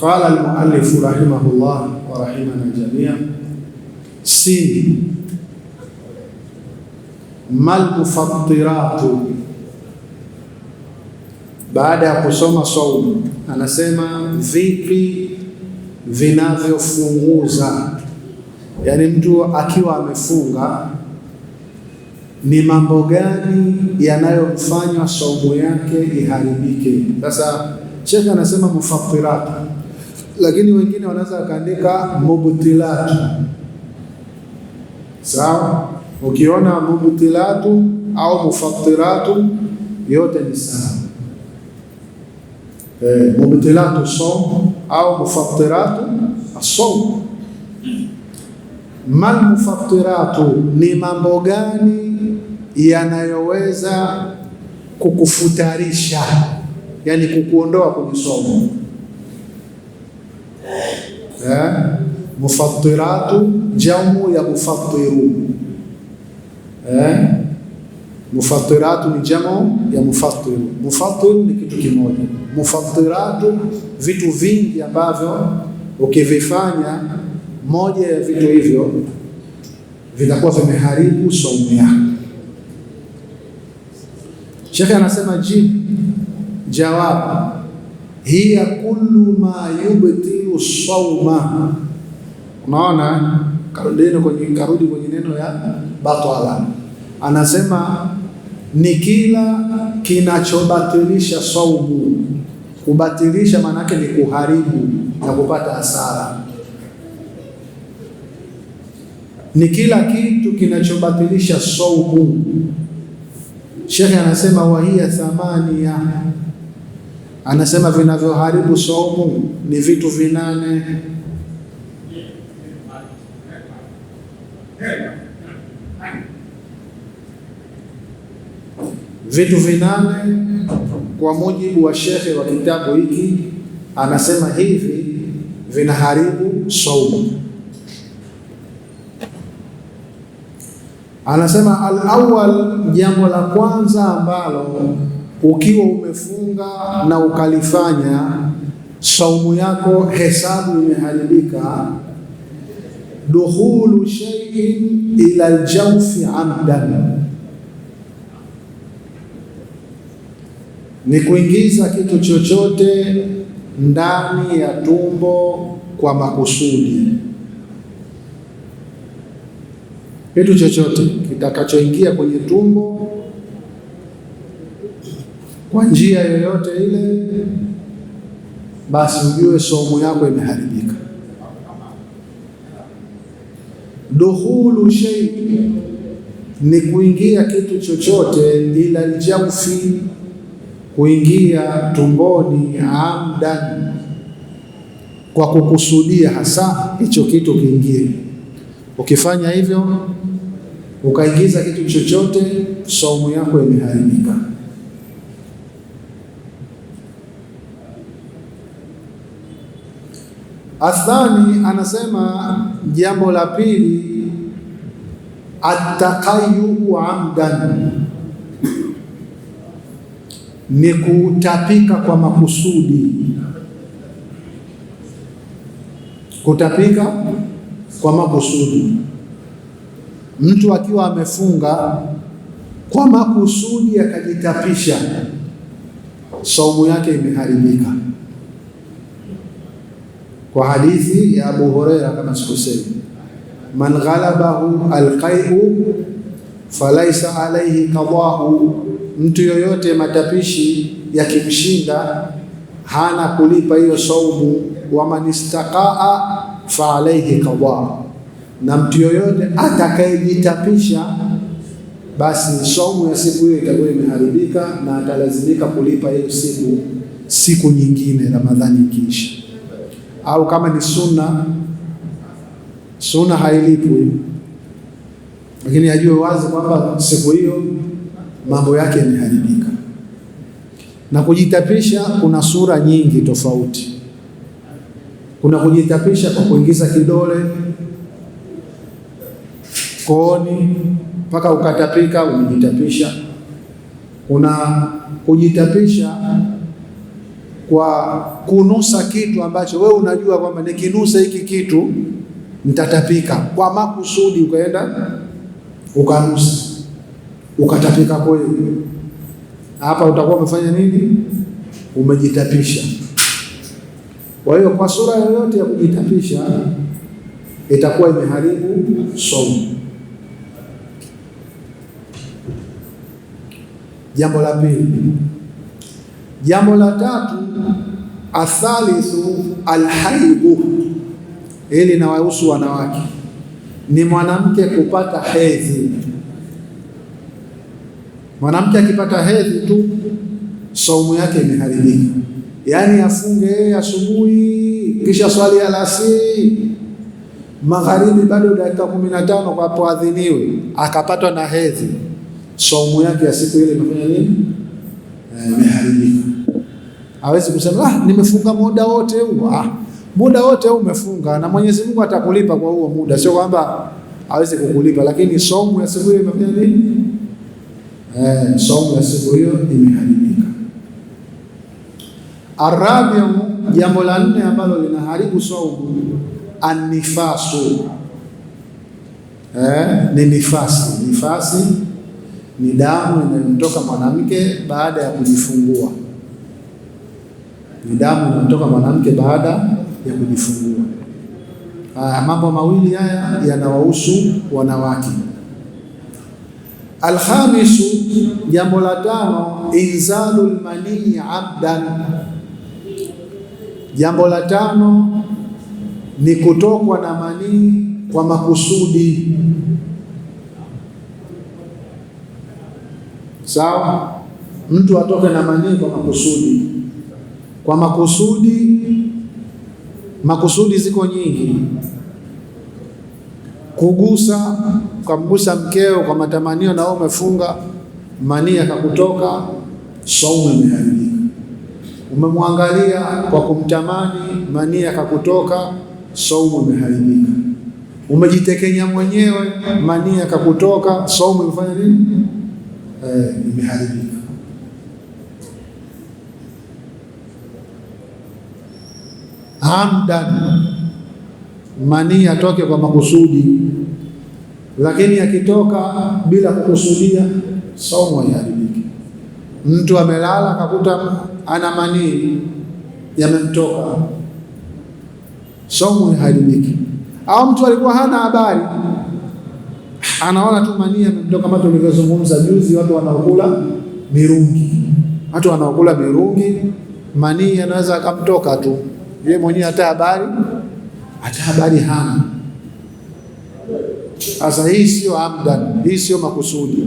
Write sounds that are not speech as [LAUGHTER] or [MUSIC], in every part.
Qala almuallifu rahimahullah wa rahimana jamia, si malmufatiratu. Baada ya kusoma saumu, anasema vipi vinavyofunguza, yaani mtu akiwa amefunga ni mambo gani yanayomfanywa saumu yake iharibike? Sasa shekhe anasema mufatiratu lakini wengine wanaweza wakaandika mubtilatu. Sawa, ukiona mubtilatu au mufattiratu yote ni sawa. E, mubtilatu som au mufattiratu asom. Mal mufattiratu ni mambo gani yanayoweza kukufutarisha, yani kukuondoa kwenye somo É? Mufattiratu jamu ya mufattiru. É? Mufattiratu ni jamu ya mufattiru. Mufattiru ni kitu kimoja. Mufattiratu vitu vingi ambavyo ukivifanya moja ya vitu hivyo vitakuwa vimeharibu saumu yako. Shekhe anasema jibu jawabu hiya kullu ma yubtilu sawma. Unaona, karudi kwenye karudi kwenye neno ya batala, anasema ni kila kinachobatilisha saumu. Kubatilisha maana yake ni kuharibu na kupata hasara, ni kila kitu kinachobatilisha saumu. Shekhe anasema wahiya ya Anasema vinavyoharibu saumu ni vitu vinane. Vitu vinane kwa mujibu wa shekhe wa kitabu hiki, anasema hivi vinaharibu saumu. Anasema al-awwal, jambo la kwanza ambalo ukiwa umefunga na ukalifanya saumu yako hesabu imeharibika. Dukhulu shay'in ila aljawfi amdan, ni kuingiza kitu chochote ndani ya tumbo kwa makusudi. Kitu chochote kitakachoingia kwenye tumbo kwa njia yoyote ile, basi ujue somo yako imeharibika. Dukhulu shay ni kuingia kitu chochote, ila ljaufi, kuingia tumboni, amdan, kwa kukusudia hasa hicho kitu kiingie. Ukifanya hivyo ukaingiza kitu chochote, somo yako imeharibika. Athani anasema jambo la pili, attaqayyuu amdan, ni kutapika kwa makusudi. Kutapika kwa makusudi, mtu akiwa amefunga kwa makusudi akajitapisha, saumu yake imeharibika kwa hadithi ya Abu Huraira kama sikusema, man ghalabahu alqai'u falaisa alayhi qada'u, mtu yoyote matapishi yakimshinda hana kulipa hiyo saumu. Wa man istaqaa fa alayhi qada'u, na mtu yoyote atakayejitapisha basi saumu ya siku hiyo itakuwa imeharibika na atalazimika kulipa hiyo siku siku nyingine Ramadhani ikiisha au kama ni sunna, sunna hailipwi, lakini ajue wazi kwamba siku hiyo mambo yake yameharibika. Na kujitapisha kuna sura nyingi tofauti. Kuna kujitapisha kwa kuingiza kidole kooni mpaka ukatapika, umejitapisha. Kuna kujitapisha kwa kunusa kitu ambacho wewe unajua kwamba nikinusa hiki kitu nitatapika, kwa makusudi ukaenda ukanusa ukatapika kweli, hapa utakuwa umefanya nini? Umejitapisha. Kwa hiyo kwa sura yoyote ya kujitapisha itakuwa imeharibu somo. Jambo la pili Jambo la tatu, athalithu alhaidhu, hili nawahusu wanawake, ni mwanamke kupata hedhi. Mwanamke akipata hedhi tu saumu yake imeharibika, yaani afunge asubuhi, kisha swali alasiri magharibi bado dakika kumi na tano adhiniwe, akapatwa na hedhi, saumu yake ya siku ile imefanya nini? Eh, imeharibika. Hawezi kusema ah, nimefunga muda wote huu. Ah, muda wote huu umefunga na Mwenyezi Mungu atakulipa kwa huo muda, sio kwamba hawezi kukulipa, lakini somu ya siku hiyo imefanya nini? Eh, somu ya siku hiyo imeharibika. Arabia, jambo la nne ambalo linaharibu saumu anifasu. Eh, ni nifasi. Nifasi ni damu inayomtoka mwanamke baada ya kujifungua ni damu inayotoka mwanamke baada ya kujifungua. haya mambo mawili haya yanawahusu wanawake. alhamisu jambo la tano, inzalul manii abdan. Jambo la tano ni kutokwa na manii kwa makusudi. Sawa, mtu atoke na manii kwa makusudi kwa makusudi. Makusudi ziko nyingi: kugusa, ukamgusa mkeo kwa matamanio, na wewe umefunga manii akakutoka, saumu imeharibika. Umemwangalia kwa kumtamani, manii akakutoka, saumu imeharibika. Umejitekenya mwenyewe, manii akakutoka, saumu imefanya nini? Eh, imeharibika. amdan, manii atoke kwa makusudi, lakini akitoka bila kukusudia saumu haiharibiki. Mtu amelala akakuta ana manii yamemtoka, somo haiharibiki. Au mtu alikuwa hana habari, anaona tu manii yamemtoka, kama tulivyozungumza juzi, watu wanaokula mirungi, watu wanaokula mirungi, manii yanaweza akamtoka tu yeye mwenyewe hata habari hata habari hana. Sasa hii sio amdan, hii sio makusudi.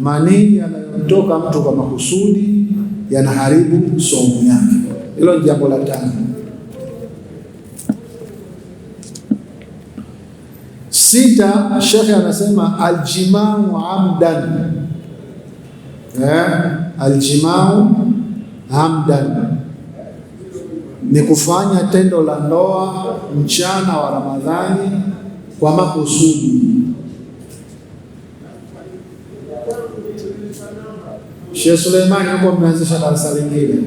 Manii yanayotoka mtu kwa makusudi yanaharibu somo yake. Hilo ni jambo la tano. Sita, shekhe anasema aljimau amdan, eh, aljimau amdan ni kufanya tendo la ndoa mchana wa Ramadhani kwa makusudi. Sheikh Suleimani, hapo mnaanzisha darasa lingine.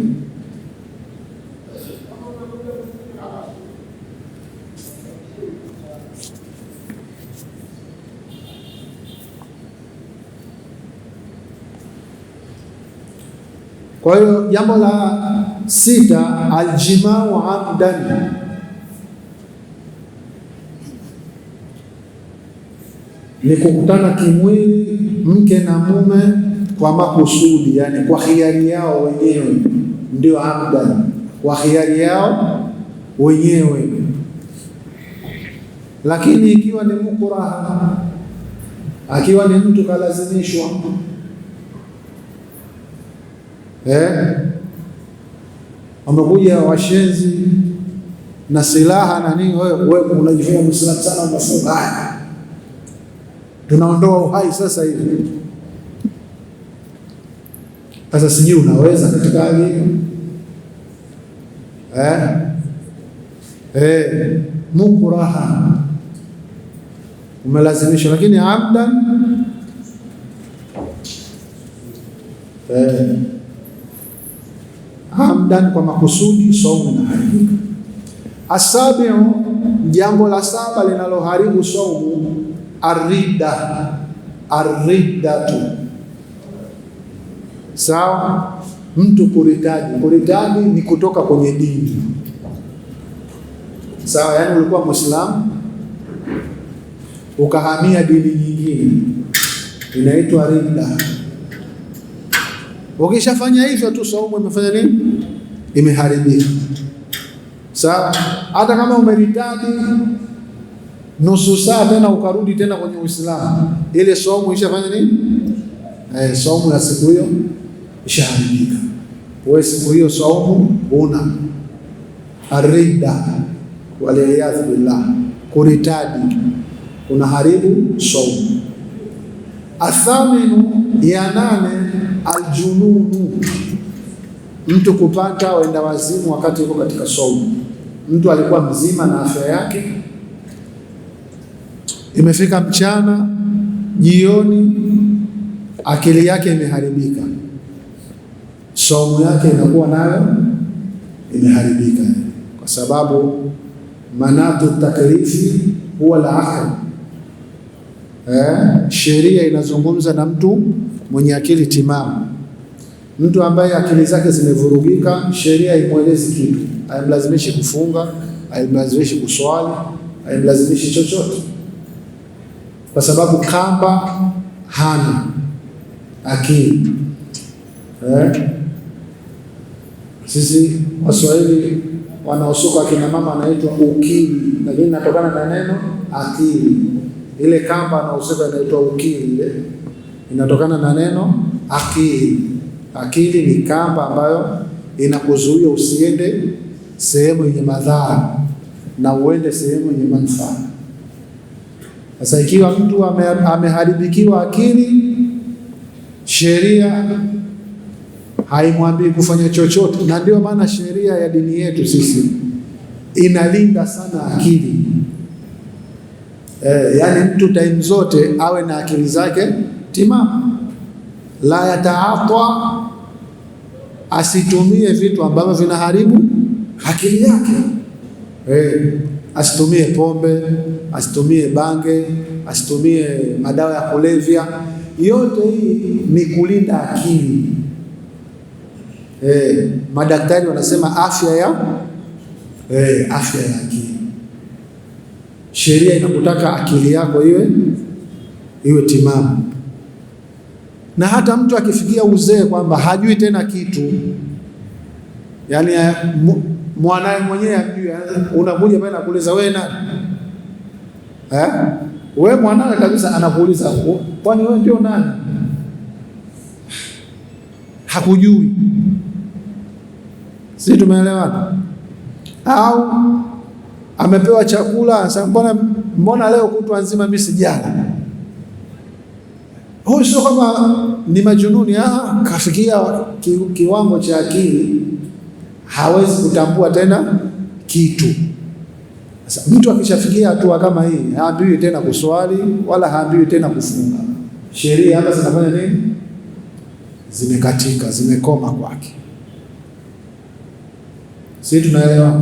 Kwa hiyo jambo la Sita, aljimau amdan, ni kukutana kimwili mke na mume kwa makusudi, yani kwa hiari yao wenyewe, ndio amdan, kwa hiari yao wenyewe. Lakini ikiwa ni mukuraha, akiwa ni mtu kalazimishwa eh? wamekuja washenzi na silaha na nini, wewe unajifanya Muislamu sana, unafunga haya, tunaondoa uhai sasa hivi. Sasa sijui unaweza katika hali eh? Eh, mukuraha umelazimishwa, lakini abdan eh hamdan kwa makusudi, saumu inaharibika. Asabiu, jambo la saba linaloharibu saumu, arida tu sawa mtu kuritadi. Kuritadi ni kutoka kwenye dini, sawa. Yani ulikuwa Muislamu ukahamia dini nyingine, inaitwa ridda. Ukishafanya hivyo tu saumu imefanya nini? Imeharibika. Sasa hata kama umeritadi nusu saa tena ukarudi tena kwenye Uislamu, ile saumu ishafanya nini? Eh, saumu ya siku hiyo ishaharibika. Wewe siku hiyo saumu una arida, waliyadhu billah, kuritadi haribu saumu. Athaminu ya nane aljununu, mtu kupata wenda wazimu wakati yuko katika somo. Mtu alikuwa mzima na afya yake, imefika mchana, jioni, akili yake imeharibika, somo yake inakuwa nayo imeharibika, kwa sababu manatu takrifi huwa la ahadi eh, sheria inazungumza na mtu mwenye akili timamu. Mtu ambaye akili zake zimevurugika, sheria imwelezi kitu, haimlazimishi kufunga, haimlazimishi kuswali, haimlazimishi chochote, kwa sababu kamba hana akili eh? Sisi Waswahili wanaosuka akina mama anaitwa ukili, lakini natokana na neno akili ile kamba anahusika inaitwa ukili, ile inatokana na neno akili. Akili ni kamba ambayo inakuzuia usiende sehemu yenye madhara na uende sehemu yenye manufaa. Sasa ikiwa mtu ame, ameharibikiwa akili, sheria haimwambii kufanya chochote, na ndio maana sheria ya dini yetu sisi inalinda sana akili eh, yani mtu time zote awe na akili zake timamu, la yataatwa, asitumie vitu ambavyo vinaharibu akili yake eh, asitumie pombe, asitumie bange, asitumie madawa ya kulevya. Yote hii ni kulinda akili. Eh, madaktari wanasema afya ya eh, afya ya akili Sheria inakutaka akili yako iwe iwe timamu, na hata mtu akifikia uzee kwamba hajui tena kitu, yani eh, mwanaye mwenyewe ajui, eh, unakuja pale nakuuliza wewe nani eh? We mwanawe kabisa anakuuliza kwani wewe ndio nani? Hakujui. Sisi tumeelewana au amepewa chakula, anasema mbona, mbona leo kutwa nzima mimi sijala? Huyu sio kama ni majununi, ah, kafikia ki, kiwango cha akili hawezi kutambua tena kitu. Sasa mtu akishafikia hatua kama hii, haambiwi tena kuswali wala haambiwi tena kufunga. Sheria hapa zinafanya nini? Zimekatika, zimekoma kwake. Sisi tunaelewa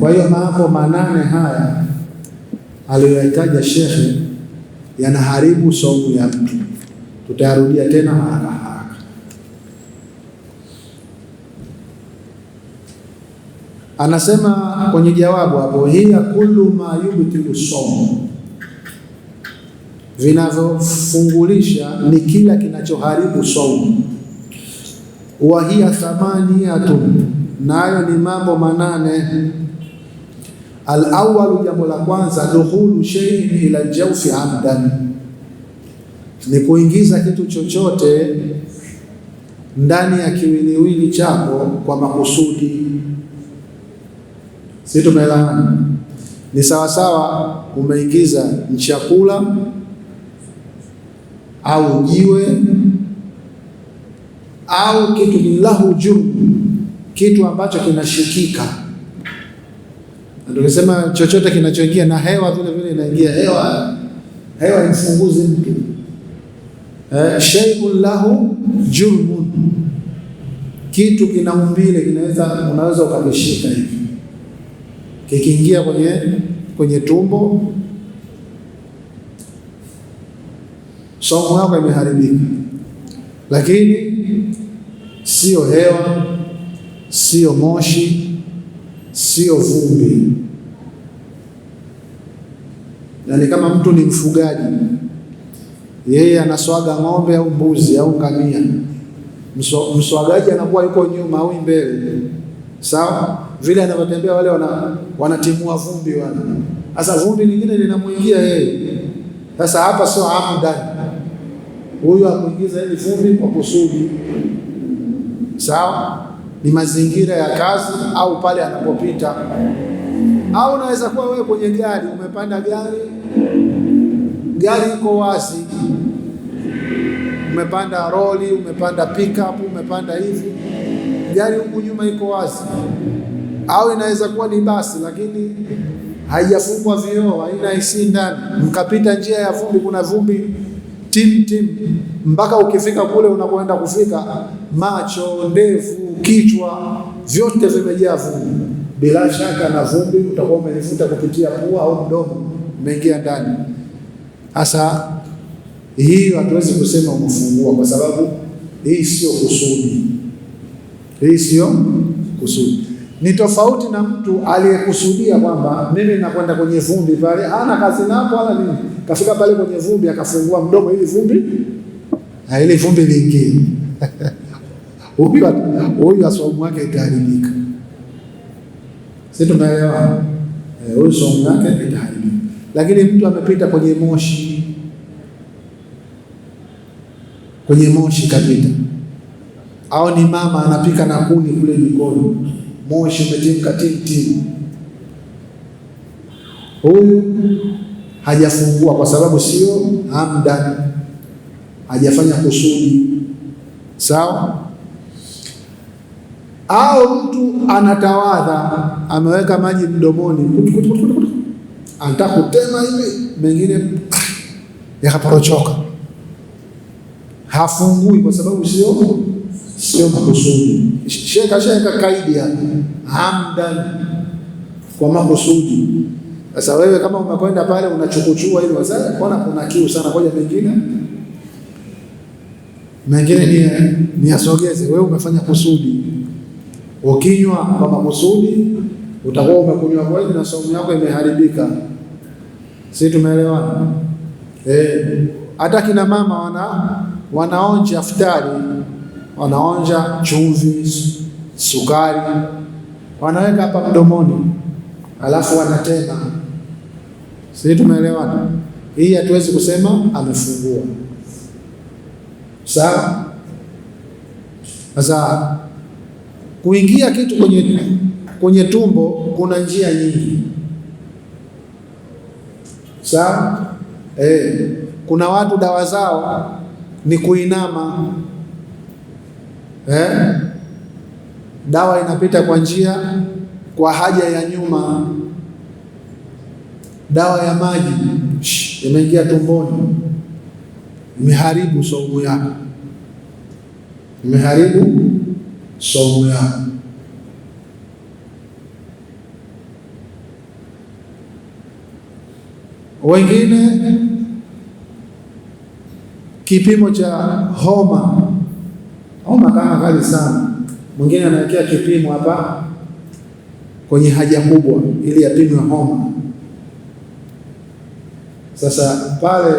kwa hiyo mambo manane haya aliyoyataja shekhe yanaharibu saumu ya mtu, tutayarudia tena haraka haraka. Anasema kwenye jawabu hapo, hiya kullu ma yubtilu saumu, vinavyofungulisha ni kila kinachoharibu saumu. Wa hiya thamaniyatun nayo ni mambo manane. Alawalu, jambo la kwanza, dukhulu shay'in ila jawfi amdan, ni kuingiza kitu chochote ndani ya kiwiliwili chako kwa makusudi. Si tumeelewana? Ni sawasawa umeingiza chakula au jiwe au kitu lahu jumu kitu ambacho kinashikika. Ndio chochote kinachoingia na hewa vile vile inaingia hewa, hewa imfunguzi mtu eh, shay'un lahu jurmun, kitu kina umbile kinaweza, unaweza ukakishika hivi, kikiingia kwenye kwenye tumbo somo yako imeharibika, lakini sio hewa sio moshi, sio vumbi. Yaani kama mtu ni mfugaji, yeye anaswaga ng'ombe au mbuzi au ngamia, mswagaji anakuwa yuko nyuma au mbele, sawa vile anavyotembea wale wana, wanatimua vumbi wale. Sasa vumbi lingine linamwingia yeye. Sasa hapa sio amdan, huyu akuingiza ili vumbi kwa kusudi, sawa ni mazingira ya kazi au pale anapopita, au unaweza kuwa wewe kwenye gari, umepanda gari, gari iko wazi, umepanda roli, umepanda pickup, umepanda hivi, gari huku nyuma iko wazi, au inaweza kuwa ni basi lakini haijafungwa vioo, haina AC ndani, mkapita njia ya vumbi, kuna vumbi tim tim, mpaka ukifika kule unapoenda kufika, macho ndevu kichwa, vyote vimejaa vumbi. Bila shaka na vumbi utakuwa umelivuta kupitia pua au mdomo, umeingia ndani. Sasa hii hatuwezi kusema umefungua, kwa sababu hii sio kusudi, hii sio kusudi. Ni tofauti na mtu aliyekusudia kwamba mimi nakwenda kwenye vumbi pale, hana kazi napo wala nini, kafika pale kwenye vumbi akafungua mdomo ili vumbi ah, ili vumbi liingie [LAUGHS] huyu asomu wake itaharibika. Sisi tunaelewa eh, huyu somu yake itaharibika, lakini mtu amepita kwenye moshi, kwenye moshi kapita, au ni mama anapika na kuni kule jikoni, moshi umetimka tinti huyu hajafungua kwa sababu sio amdan, hajafanya kusudi. Sawa au mtu anatawadha, ameweka maji mdomoni, anataka kutema hivi, mengine yakaporochoka, hafungui kwa sababu sio sio makusudi. Sheka sheka kaidi ya hamdan kwa makusudi. Sasa wewe kama umekwenda pale unachukuchua ili wazee, mbona kuna kiu sana, koja mengine mengine ni asogeze, wewe umefanya kusudi Ukinywa kwa makusudi utakuwa umekunywa kweli na saumu yako imeharibika. Si tumeelewana? E, hata e, kina mama wana wanaonja futari, wanaonja chumvi, sukari wanaweka hapa mdomoni, alafu wanatema. Si tumeelewana? Hii hatuwezi kusema amefungua. Sawa? Sasa Kuingia kitu kwenye, kwenye tumbo kuna njia nyingi sawa. Eh, kuna watu dawa zao ni kuinama eh? Dawa inapita kwa njia kwa haja ya nyuma. Dawa ya maji imeingia tumboni, imeharibu saumu yako, imeharibu sonra wengine kipimo cha homa homa kama kali sana, mwingine anawekea kipimo hapa kwenye haja kubwa ili apimwe homa. Sasa pale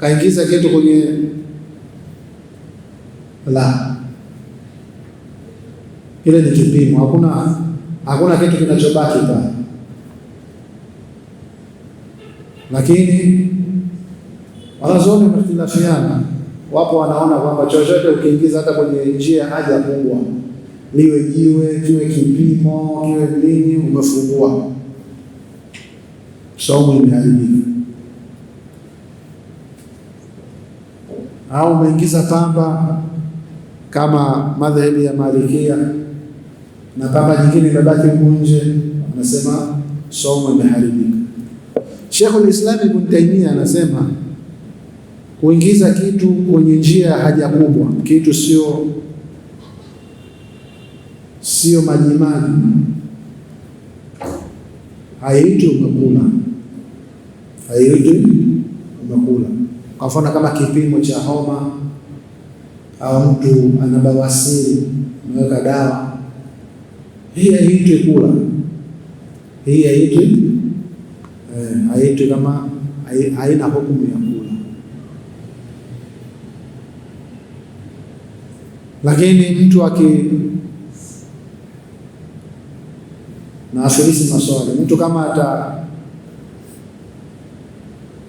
kaingiza kitu kwenye la ile ni kipimo, hakuna hakuna kitu kinachobaki pale, lakini wanazuoni wamehtilafiana. Wapo wanaona kwamba chochote ukiingiza hata kwenye njia haja kubwa, liwe jiwe, kiwe kipimo, kiwe nini, umefungua saumu imeharibika. Au umeingiza pamba kama madhehebu ya Malikia na kamba nyingine imebaki huku nje, anasema somo imeharibika. al Islam Ibn Taymiyyah anasema kuingiza kitu kwenye njia ya haja kubwa, kitu sio sio majimaji, haiitwi umekula, haiitwi umekula. Kwa mfano kama kipimo cha homa au mtu ana bawasiri, dawa hii haitwi kula, hii haitwi eh, haitwi kama haina hukumu ya kula. Lakini mtu aki na asilisi maswali, mtu kama ata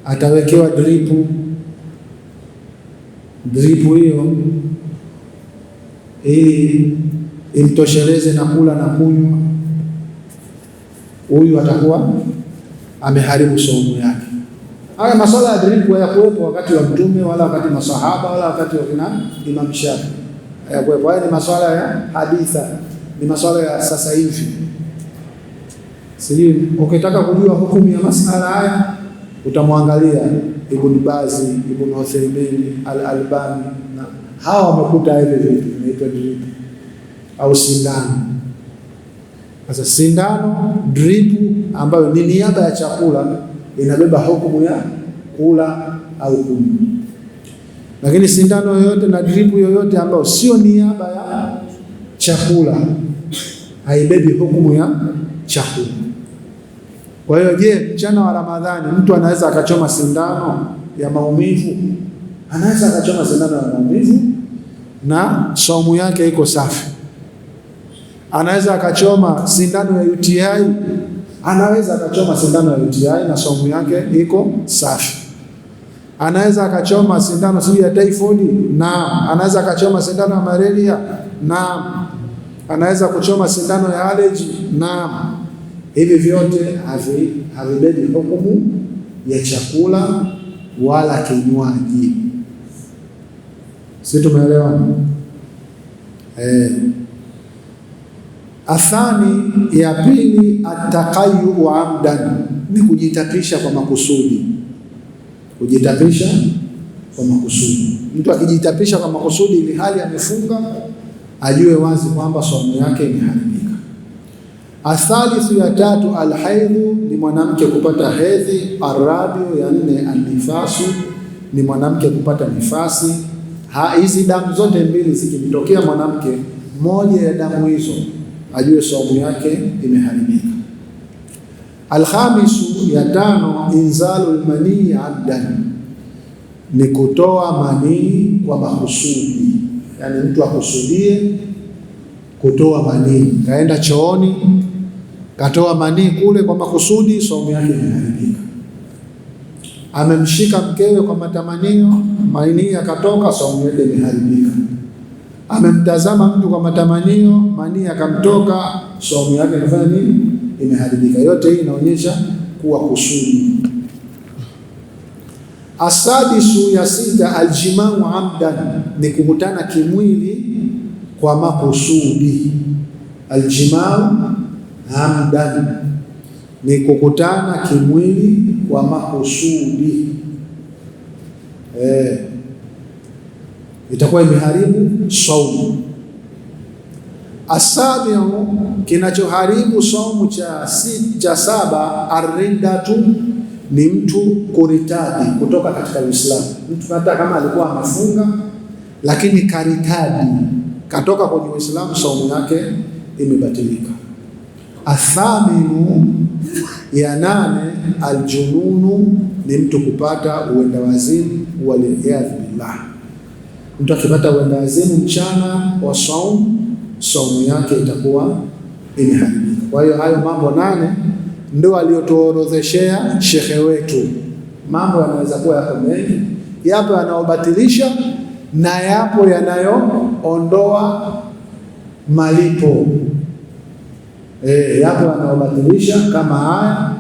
atawekewa dripu dripu hiyo ili imtosheleze na kula na kunywa, huyu atakuwa ameharibu saumu yake. Haya maswala ya drink hayakuwepo wakati wa Mtume wala wakati masahaba wala wakati wa kina Imam Shafi, hayakuwepo. Haya ni maswala ya haditha, ni maswala ya sasa hivi. Sijui ukitaka kujua hukumu ya masala haya utamwangalia Ibn Baz, Ibn Uthaymeen, Al-Albani, na hawa wamekuta hivi vitu inaitwa drink au sindano. Sasa sindano drip, ambayo ni niaba ya chakula, inabeba hukumu ya kula au kunywa. Lakini sindano yoyote na drip yoyote ambayo sio niaba ya chakula haibebi hukumu ya chakula. Kwa hiyo, je, mchana wa Ramadhani mtu anaweza akachoma sindano ya maumivu? Anaweza akachoma sindano ya maumivu na saumu yake iko safi anaweza akachoma sindano ya UTI, anaweza akachoma sindano ya UTI na somu yake iko safi. Anaweza akachoma sindano sijui ya typhoid, na Anaweza akachoma sindano ya malaria, na Anaweza kuchoma sindano ya allergy, na Hivi vyote havibebi hukumu ya chakula wala kinywaji. Sisi tumeelewa eh? Athani ya pili, atakayu amdan, ni kujitapisha kwa makusudi. Kujitapisha kwa makusudi, mtu akijitapisha kwa makusudi ili hali amefunga, ajue wazi kwamba somo yake imeharibika. Athalithu ya tatu, alhaidhu, ni mwanamke kupata hedhi. arabio ya nne, annifasu, ni mwanamke kupata nifasi. Hizi damu zote mbili zikimtokea mwanamke, moja ya damu hizo ajue saumu yake imeharibika. alhamisu ya tano, inzalu lmanii abdan, ni kutoa manii kwa makusudi, yaani mtu akusudie kutoa manii, kaenda chooni katoa manii kule kwa makusudi, saumu yake imeharibika. Amemshika mkewe kwa matamanio, manii akatoka saumu yake imeharibika amemtazama mtu kwa matamanio, manii akamtoka, saumu yake imefanya nini? Imeharibika. Yote hii inaonyesha kuwa kusudi. Asadisu ya sita, aljimau amdan, ni kukutana kimwili kwa makusudi. Aljimau amdan ni kukutana kimwili kwa makusudi eh itakuwa imeharibu saumu. Asabiu, kinachoharibu saumu cha, si, cha saba, arindatu ni mtu kuritadi kutoka katika Uislamu. Mtu hata kama alikuwa anafunga lakini karitadi katoka kwenye Uislamu, saumu yake imebatilika. Athaminu, ya nane, aljununu ni mtu kupata uendawazimu, waliyadhu billah Mtu akipata uenda zenu mchana wa saumu, saumu yake itakuwa imeharibika. Kwa hiyo hayo mambo nane ndio aliyotuorodheshea shekhe wetu. Mambo yanaweza kuwa yako mengi, yapo yanayobatilisha na yapo yanayoondoa malipo. E, yapo yanayobatilisha kama haya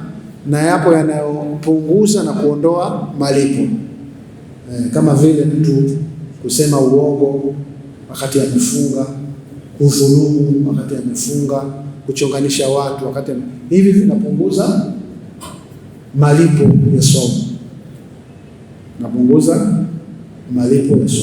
na yapo yanayopunguza na kuondoa malipo e, kama vile mtu kusema uongo wakati amefunga, kudhulumu wakati amefunga, kuchonganisha watu wakati ya... hivi vinapunguza malipo ya somo, napunguza malipo ya somo.